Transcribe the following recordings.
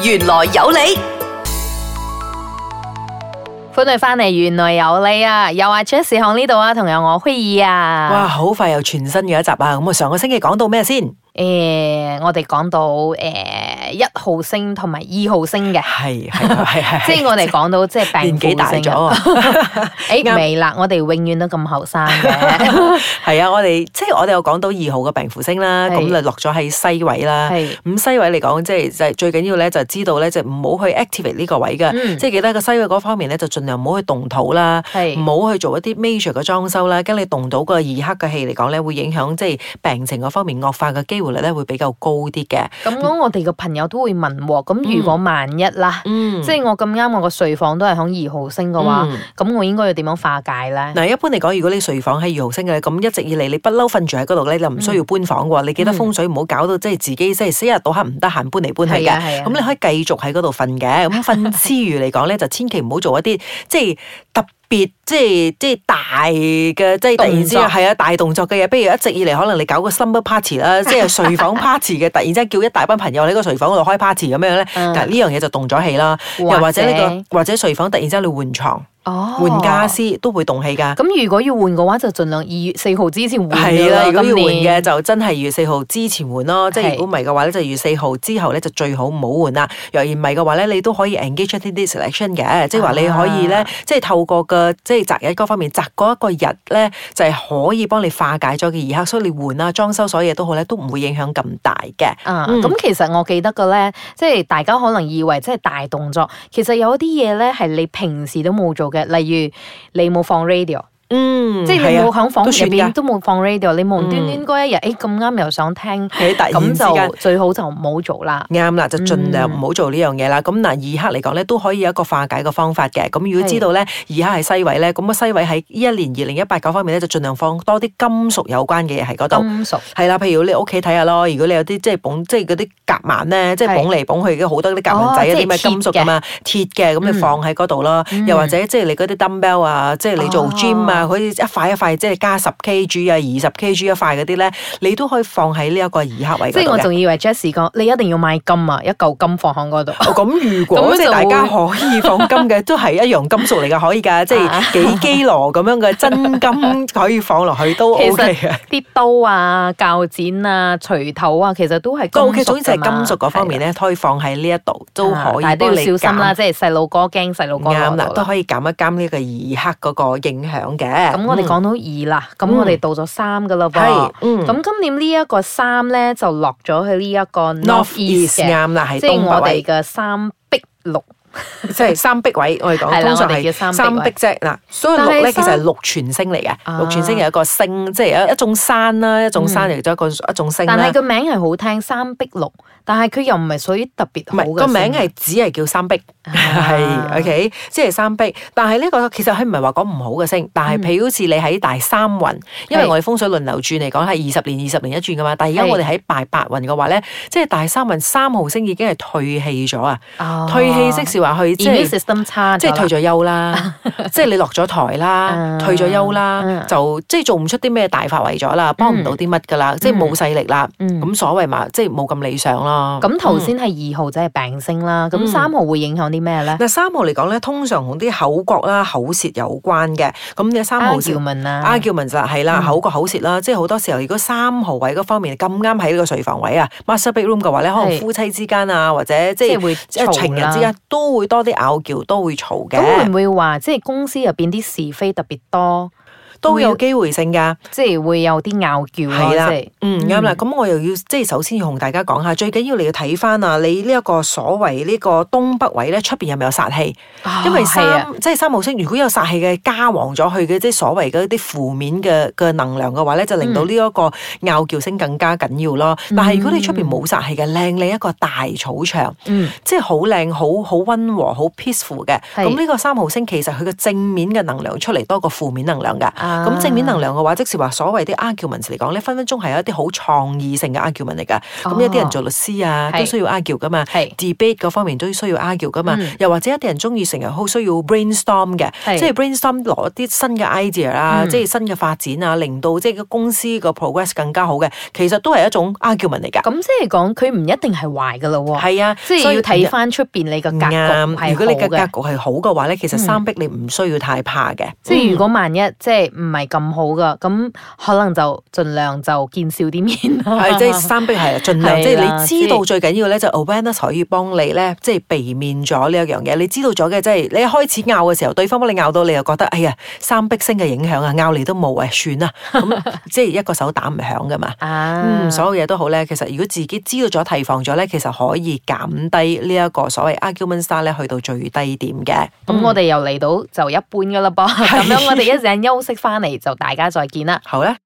玄來有理，歡迎返嚟！玄來有理啊，又係爵士響呢度啊，同有我輝兒啊。哇，好快又全新嘅一集啊！咁我上個星期講到咩先？誒、欸，我哋講到誒一、欸、號星同埋二號星嘅，係係係，即係 我哋講到即係病符星年紀大咗、啊，誒未啦？沒 我哋永遠都咁後生嘅。係 啊，我哋即係我哋有講到二號嘅病符星啦，咁就落咗喺西位啦。咁西位嚟講，即係最最緊要咧，就知道咧就唔好去 activate 呢個位嘅、嗯，即係記得個西位嗰方面咧，就儘量唔好去動土啦，係唔好去做一啲 major 嘅裝修啦，跟你動到個二黑嘅氣嚟講咧，會影響即係病情嗰方面惡化嘅機會。力會比較高啲嘅。咁、嗯、講，我哋個朋友都會問喎。咁如果萬一啦、嗯，即係我咁啱我個睡房都係響二號星嘅話，咁、嗯、我應該要點樣化解咧？嗱，一般嚟講，如果你睡房喺二號星嘅，咁一直以嚟你在那裡不嬲瞓住喺嗰度咧，就唔需要搬房嘅、嗯。你記得風水唔好搞到，即係自己即係一日到黑唔得閒搬嚟搬去嘅。咁、啊啊、你可以繼續喺嗰度瞓嘅。咁瞓之餘嚟講咧，就千祈唔好做一啲即係別即係即係大嘅，即係突然之間係啊大動作嘅嘢，不如一直以嚟可能你搞個 summer party 啦， 即係睡房 party 嘅，突然之間叫一大班朋友喺個睡房度開 party 咁、嗯、樣咧，嗱呢樣嘢就動咗氣啦，又或者呢個或者睡房突然之間你換床。Oh, 換家私都會動氣㗎。咁如果要換嘅話，就盡量二月四號之前換啦。係啦，如果要換嘅就真係二月四號之前換咯、啊。即係如果唔係嘅話就二月四號之後咧就最好唔好換啦。若然唔係嘅話咧，你都可以 engage h i selection 嘅、啊，即係話你可以咧，即係透過嘅即係擇日各方面擇嗰一個日咧，就係、是、可以幫你化解咗嘅。而後所以你換啦、啊，裝修所有嘢都好咧，都唔會影響咁大嘅。咁、uh, 嗯、其實我記得嘅咧，即係大家可能以為即係大動作，其實有一啲嘢咧係你平時都冇做的。例如，你冇放 radio。嗯，即係你冇響房入邊都冇放 radio，你無端端嗰一日，誒咁啱又想聽，咁就最好就唔好做啦。啱、嗯、啦，就盡量唔好做這、嗯、呢樣嘢啦。咁嗱，二黑嚟講咧都可以有一個化解嘅方法嘅。咁如果知道咧，二黑係西位咧，咁啊西位喺呢一年二零一八九方面咧，就盡量放多啲金屬有關嘅嘢喺嗰度。金屬係啦，譬如你屋企睇下咯，如果你有啲即係綁即係嗰啲夾萬咧，即係綁嚟綁去嘅好多啲夾萬仔啊，啲、哦、咩金屬噶嘛，鐵嘅咁你放喺嗰度咯、嗯。又或者即係你嗰啲 dumbbell 啊，即係你做 gym 啊。可好似一塊一塊，即係加十 kg 啊，二十 kg 一塊嗰啲咧，你都可以放喺呢一個二黑位。即係我仲以為 Jesse 講你一定要買金啊，一嚿金放喺嗰度。咁、 哦、如果即大家可以放金嘅，都係一樣金屬嚟嘅，可以㗎， 即係幾基羅咁樣嘅 真金可以放落去都 OK 啊。啲刀啊、鉸剪啊、錘頭啊，其實都係 OK，總之就係金屬嗰方面咧，可以放喺呢一度都可以，但都要小心啦，即係細路哥驚細路哥。啱啦，都可以減一減呢個二黑嗰個影響嘅。咁我哋講到二啦，咁、嗯、我哋到咗三噶啦噃，咁、嗯、今年這3呢一個三咧就落咗去呢一個 North, North East，啱啦，即係我哋嘅三碧六。即 係三碧位，位，位，我哋講通常係三碧啫。嗱，所以祿咧其實係祿存星嚟嘅，啊，祿存星係一個星，即係一一種山啦，嗯，一種山嚟咗一個一種星。但係個名係好聽，三碧祿，但係佢又唔係屬於特別唔係，個名係只係叫三碧，係 O K，即係三碧。但係呢個其實佢唔係話講唔好嘅星，嗯，但係譬如好似你喺大三運，嗯，因為我哋風水輪流轉嚟講係二十年二十年一轉噶嘛。但係而家我哋喺八白運嘅話咧，即係大三運三號星已經係退氣咗啊，退氣即話去即係食心餐，即，即退咗休啦、 uh, uh,，即係你落咗台啦，退咗休啦，就即係做唔出啲咩大發圍咗啦，幫唔到啲乜噶啦，即係冇勢力啦，咁所謂嘛，即係冇咁理想咯。咁頭先係二號仔係病星啦，咁三號會影響啲咩咧？嗱、嗯，三號嚟講咧，通常同啲口角啦、口舌有關嘅。咁你三號 argument 就係啦，口、嗯、角、口舌啦，即係好多時候，如果三號位嗰方面咁啱喺呢個睡房位啊 master bedroom 嘅話咧，可能夫妻之間啊，或者即係會即係情人之間都。會多啲拗撬，都會嘈嘅。咁會唔會話即係公司入邊啲是非特別多？都有機會性噶，即係會有啲拗撬咯，即、就、係、是、嗯啱啦。咁、嗯、我又要即係、就是、首先要同大家講下，嗯、最緊要你要睇翻啊，你呢一個所謂呢個東北位咧，出邊有咪有煞氣？哦、因為三是即係三號星，如果有煞氣嘅加旺咗去嘅，即係所謂嗰啲負面嘅嘅能量嘅話咧、嗯，就令到呢一個拗撬聲更加緊要咯。嗯、但係如果你出邊冇煞氣嘅，靚靚一個大草場，嗯、即係好靚好好溫和好 peaceful 嘅，咁呢個三號星其實佢嘅正面嘅能量出嚟多過負面能量嘅。咁、啊、正面能量嘅話，即是話所謂啲 argument 嚟講咧，分分鐘係有一啲好創意性嘅 argument 嚟噶。咁、哦、一啲人做律師啊，都需要 argue 噶嘛。Debate 嗰方面都需要 argue 噶嘛、嗯。又或者一啲人中意成日好需要 brainstorm 嘅，即係、就是、brainstorm 攞啲新嘅 idea 啊、嗯，即、就、係、是、新嘅發展啊，令到即係公司個 progress 更加好嘅。其實都係一種 argument 嚟㗎。咁即係講佢唔一定係壞㗎咯喎。係啊，所以要睇翻出邊你個格、嗯、如果你嘅格局係好嘅話咧，其實三壁你唔需要太怕嘅、嗯嗯。即係如果萬一即係。就是唔係咁好噶，咁可能就儘量就見少啲面係。係即係三逼係啊，儘量即係、就係、你知道最緊要咧，就係、open 咧可以幫你咧，即、就、係、係、避免咗呢一樣嘢。你知道咗嘅即係你一開始拗嘅時候，對方幫你拗到，你又覺得哎呀三逼星嘅影響啊，拗你都冇，唉算啦。咁即係一個手打唔響噶嘛、啊嗯。所有嘢都好咧。其實如果自己知道咗、提防咗咧，其實可以減低呢一個所謂 argument star 咧，去到最低點嘅。咁、嗯嗯、我哋又嚟到就一半噶啦噃。係。咁樣我哋一陣休息。 翻嚟就大家再見啦。好啦。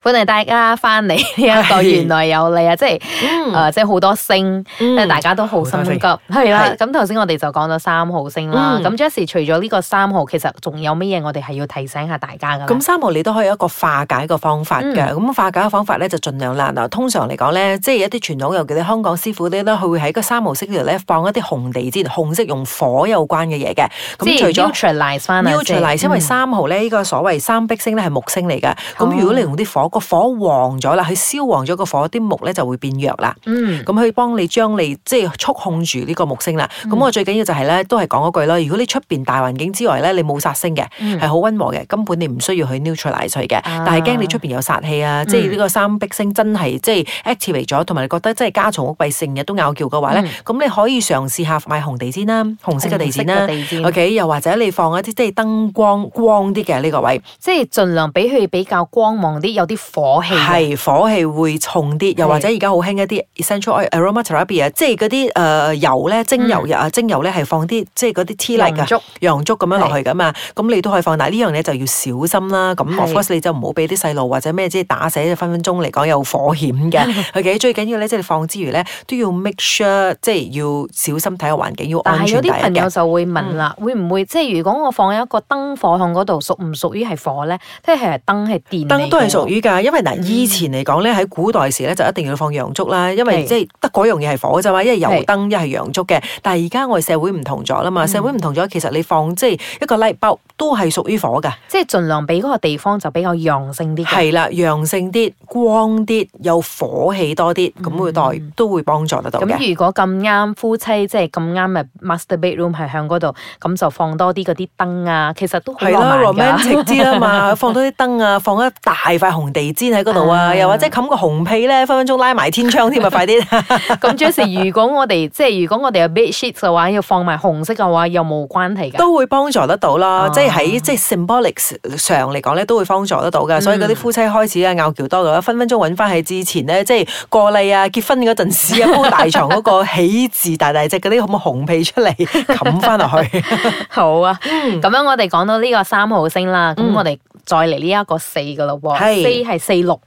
歡迎大家翻嚟呢一個玄來有理啊，即係誒、嗯呃，即係好多星、嗯，大家都好心急係啦。咁頭先我哋就講咗三號星啦。咁 Jasmin 除咗呢個三號，其實仲有乜嘢？我哋係要提醒下大家噶。咁三號你都可以有一個化解嘅方法㗎。咁、嗯、化解嘅方法咧就盡量難嗱，通常嚟講咧，即係一啲傳統尤其啲香港師傅呢，佢會喺個三號星度咧放一啲紅地氈，紅色用火有關嘅嘢嘅。咁，除咗、就是，因為三號咧，呢、這個所謂三碧星咧係木星嚟噶。咁、嗯、如果你用啲火。個火旺咗啦，佢燒旺咗個火，啲木咧就會變弱啦。咁佢幫你將你即係操控住呢個木星啦。咁、嗯、我最緊要就係咧，都係講一句啦。如果你出邊大環境之外咧，你冇煞星嘅，係好溫和嘅，根本你唔需要去 neutralize 嘅、啊。但係驚你出邊有煞氣啊，即係呢個三碧星真係即係 activate 咗，同埋你覺得即係家嘈屋閉成日都拗撬嘅話咧，咁、嗯、你可以嘗試下買紅地氈啦，紅色嘅地氈啦。嗯、o、okay, K，又或者你放一啲即係燈光光啲嘅呢個位，即係盡量俾佢比較光芒啲，有啲。火氣係火氣會重啲，又或者而家好興一啲 essential oil, aroma therapy 啊，即係嗰啲誒油咧，精油、嗯、啊，精油咧係放啲即係嗰啲 tea 嘅洋蠟咁樣落去㗎嘛，咁、嗯、你都可以放，但呢樣嘢就要小心啦。咁 of course 你就唔好俾啲細路或者咩即係打死，分分鐘嚟講有火險嘅。佢嘅 最緊要咧即係放之餘咧都要 make sure，即係要小心睇下環境，要安全第一。但係啲朋友就會問啦、嗯，會唔會即係如果我放喺一個燈火巷嗰度，屬唔屬於係火咧？即係燈係電，燈都係屬於因為嗱，以前嚟講咧，喺、嗯、古代時咧就一定要放洋燭啦，因為是即係得嗰樣嘢係火啫嘛，因為油燈，一係洋燭嘅。但係而家我哋社會唔同咗啦嘛，社會唔同咗，其實你放即係一個 light bulb 都係屬於火㗎。即係儘量俾嗰個地方就比較陽性啲。係啦，陽性啲、光啲、有火氣多啲，咁會代、嗯、都會幫助得到，咁如果咁啱夫妻即係咁啱嘅 master bedroom 係向嗰度，咁就放多啲嗰啲燈啊，其實都係啦，romantic 啲啊嘛， 放多啲燈啊，放一大塊紅。地氈喺嗰度啊，又或者冚個紅被咧，分分鐘拉埋天窗添啊！ 快啲點咁 Jasmin 如果我哋即係如果我哋有 bed sheets 嘅話，要放埋紅色嘅話，又冇關係噶？都會幫助得到啦、啊，即係喺即係 symbolics 上嚟講咧，都會幫助得到嘅、嗯。所以嗰啲夫妻開始啊，拗撬多嘅啦，分分鐘揾翻喺之前咧，即係過嚟啊，結婚嗰陣時啊，鋪大床嗰個喜字大大隻嗰啲咁嘅紅被出嚟冚翻落去。 好啊，咁、嗯、樣我哋講到呢個三號星啦，咁、嗯、我哋。再嚟呢一個四噶咯，四係四六。4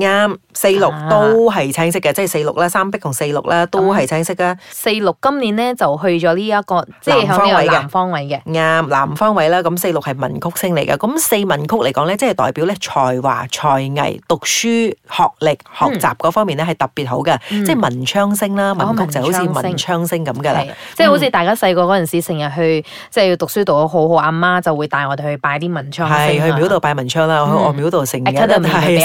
啱四六都係青色嘅，即係四六啦，三碧同四六啦，都係青色啊！四六今年咧就去咗呢一個，即係向南方位嘅。啱南方位啦，咁四六係文曲星嚟嘅，咁四文曲嚟講咧，即係代表咧才華、才藝、讀書、學歷、學習嗰方面咧係特別好嘅，即係文昌星啦，文曲就好似文昌星咁噶啦，即係好似大家細個嗰陣時成日去，即係要讀書讀得好好，阿媽就會帶我哋去拜啲文昌，係去廟度拜文昌啦，去我廟度成日，係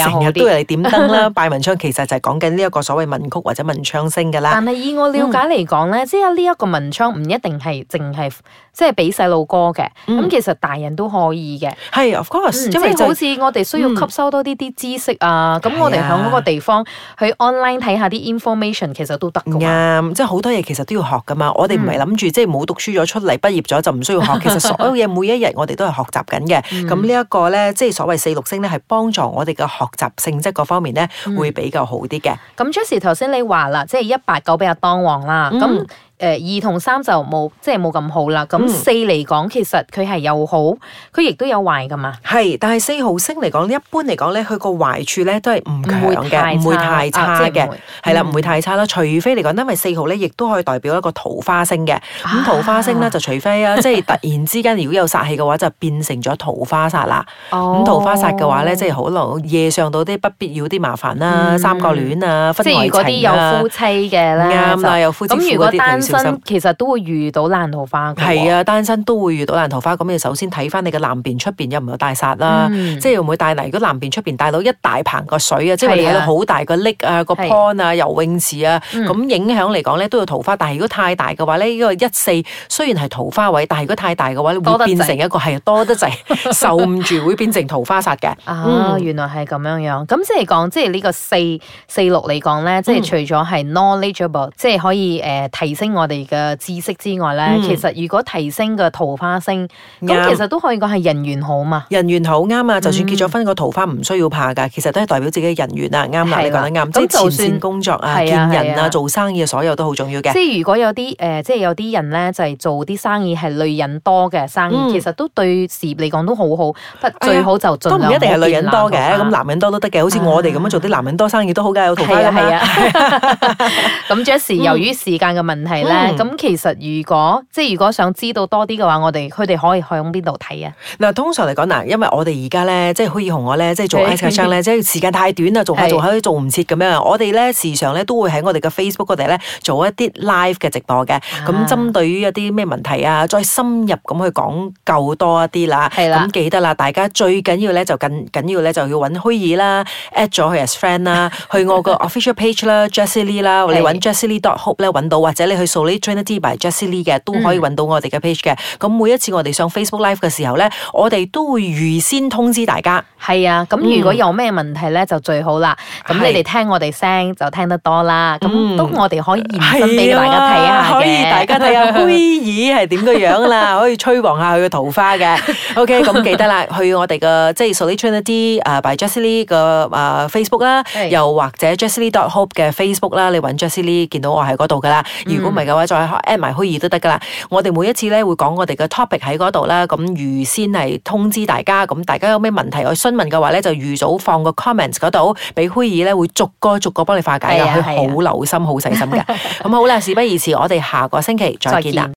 成日都係點燈啦，拜文昌其實就係講緊呢一個所謂文曲或者文昌星噶啦。但係以我了解嚟講咧，即係呢一個文昌唔一定係淨係即係俾細路哥嘅，咁、嗯、其實大人都可以嘅。係，of course，、嗯、因為、就是、好似我哋需要吸收多啲啲知識啊，咁、嗯、我哋響嗰個地方去 online 睇下啲 information，其實都得㗎嘛。即係好多嘢其實都要學噶嘛。嗯、我哋唔係諗住即係冇讀書咗出嚟畢業咗就唔需要學， 其實所有嘢 每一日我哋都係學習緊嘅。咁、嗯、呢一個咧，即係所謂四六星咧，係幫助我哋嘅學習性質各方面咧，會比較好啲嘅。咁 Jessie 頭先你話啦，即係一八九比較當旺啦。咁、嗯誒二同三就冇，即係冇咁好啦。咁四嚟講、嗯，其實佢係又好，佢亦都有壞㗎嘛。係，但係四號星嚟講，一般嚟講咧，佢個壞處咧都係唔強嘅，唔會太差嘅，係啦，唔會太差啦、啊嗯。除非嚟講，因為四號咧，亦都可以代表一個桃花星嘅。咁、啊、桃花星咧，就除非啊，即 係突然之間如果有煞氣嘅話，就變成咗桃花煞啦。咁、哦、桃花煞嘅話咧，即、就、係、是、可能夜上到啲不必要啲麻煩啦、嗯，三角戀啊，即係啲有夫妻嘅咧，啱啦，有夫妻。單身其實都會遇到爛桃花嘅、哦，係啊，單身都會遇到爛桃花。咁你首先睇翻你嘅南邊出邊有唔有大煞啦、啊嗯，即係會唔會帶嚟？如果南邊出邊帶到一大棚個水啊，即係會睇到好大個溺啊，個 pond 啊,啊，游泳池啊，咁、嗯、影響嚟講咧都有桃花。但係如果太大嘅話呢，呢、這個一四雖然係桃花位，但係如果太大嘅話會變成一個係多得滯，啊、多多 受唔住會變成桃花煞嘅、啊嗯。原來係咁樣樣。咁即係講即係呢個四四六嚟講咧，即係除咗係 non-livable，、嗯、即係可以誒、呃、提升。我哋嘅知識之外咧、嗯，其實如果提升個桃花星，咁、嗯、其實都可以講係人緣好嘛。人緣好啱啊、嗯！就算結咗婚，個桃花唔需要怕噶，其實都係代表自己嘅人緣啊，啱啦，你講得啱、嗯。即係前線工作啊、見人啊、做生意啊，生意所有都好重要嘅。即係如果有啲誒、呃，即係有啲人咧，就係、是、做啲生意係女人多嘅生意，其實都對事業嚟講都好好。不最好就、哎、都唔一定係女人多嘅，咁男，男人多都得嘅。好似我哋咁樣、嗯、做啲男人多生意都好，梗係有桃花。啊咁爵士，是的 那就是由於時間嘅問題。咁、嗯、其實如果即係如果想知道多啲嘅話，我哋佢哋可以向邊度睇啊？嗱，通常嚟講嗱，因為我哋而家咧即係虛擬熊我咧即係做即係 時間太短啦，做下做下做唔切咁樣。我哋咧時常咧都會喺我哋嘅 Facebook 度咧做一啲 live 嘅直播嘅。咁、啊、針對於一啲咩問題啊，再深入咁去講夠多一啲啦。係啦。咁記得啦，大家最緊要咧就緊緊要咧就要揾虛擬啦，at 咗佢 as friend 啦， 去我個的 official page 啦 ，Jessily 啦，你揾 Jessily dot hope 咧揾到，或者你去，做呢 Trinity by Jessie Lee 嘅都可以揾到我哋嘅 page 嘅。咁、嗯、每一次我哋上 Facebook Live 嘅時候咧，我哋都會預先通知大家。係啊，咁如果有咩問題咧、嗯、就最好啦。咁你哋聽我哋聲就聽得多啦。咁、嗯、都我哋可以延伸俾大家睇下可以大家睇下 Will 係點個樣啦，可以吹旺下佢嘅桃花嘅。OK，咁記得啦，去我哋嘅即係 Solidarity by Jessie Lee 嘅 Facebook 啦、嗯，又或者 Jessie Lee dot hope 嘅 Facebook 啦，你揾 Jessie Lee 見到我喺嗰度噶啦。如果唔係，嘅話再 add 埋虛擬都得噶啦。我哋每一次咧會講我哋嘅 topic 喺嗰度啦，咁預先係通知大家，咁大家有咩問題去詢問嘅話咧，就預早放個 comments 嗰度俾虛擬咧，會逐個、逐個逐個幫你化解啦。佢好、啊、留心，好、啊、細心嘅。咁 好啦，事不宜遲，我哋下個星期再見啦。